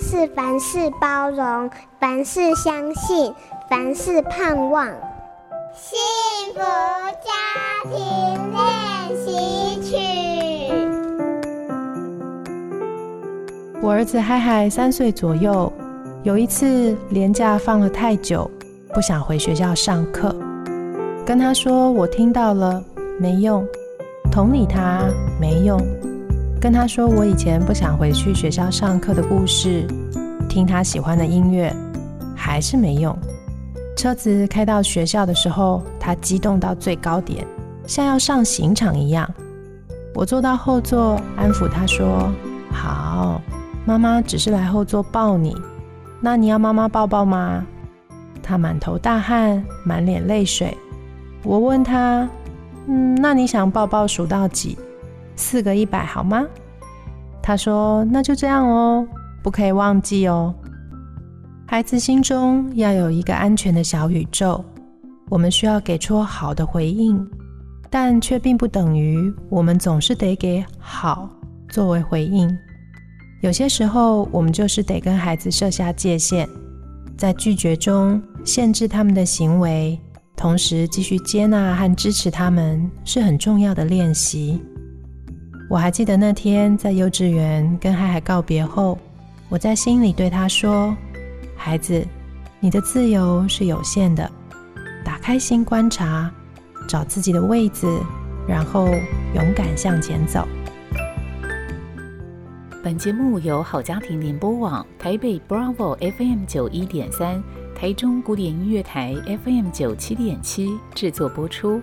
是凡事包容，凡事相信，凡事盼望。幸福家庭練習曲。我兒子嗨嗨三歲左右，有一次連假放了太久，不想回學校上課，跟他說我聽到了，沒用，同理他沒用。跟他說我以前不想回去學校上課的故事，聽他喜歡的音樂，還是沒用。車子開到學校的時候，他激動到最高點，像要上刑場一樣。我坐到後座，安撫他說：“好，媽媽只是來後座抱你，那你要媽媽抱抱嗎？”他滿頭大汗，滿臉淚水。我問他：“嗯，那你想抱抱數到幾？”四個一百好嗎？他說：“那就這樣哦，不可以忘記哦。”孩子心中要有一個安全的小宇宙，我們需要給出好的回應，但卻並不等於我們總是得給好作為回應。有些時候，我們就是得跟孩子設下界限，在拒絕中限制他們的行為，同時繼續接納和支持他們，是很重要的練習。我還記得那天在幼稚園跟海海告別後，我在心裡對他說：“孩子，你的自由是有限的，打開心觀察，找自己的位置，然後勇敢向前走。”本節目由好家庭聯播網、台北 Bravo FM 九一點三、台中古典音樂台 FM 九七點七制作播出。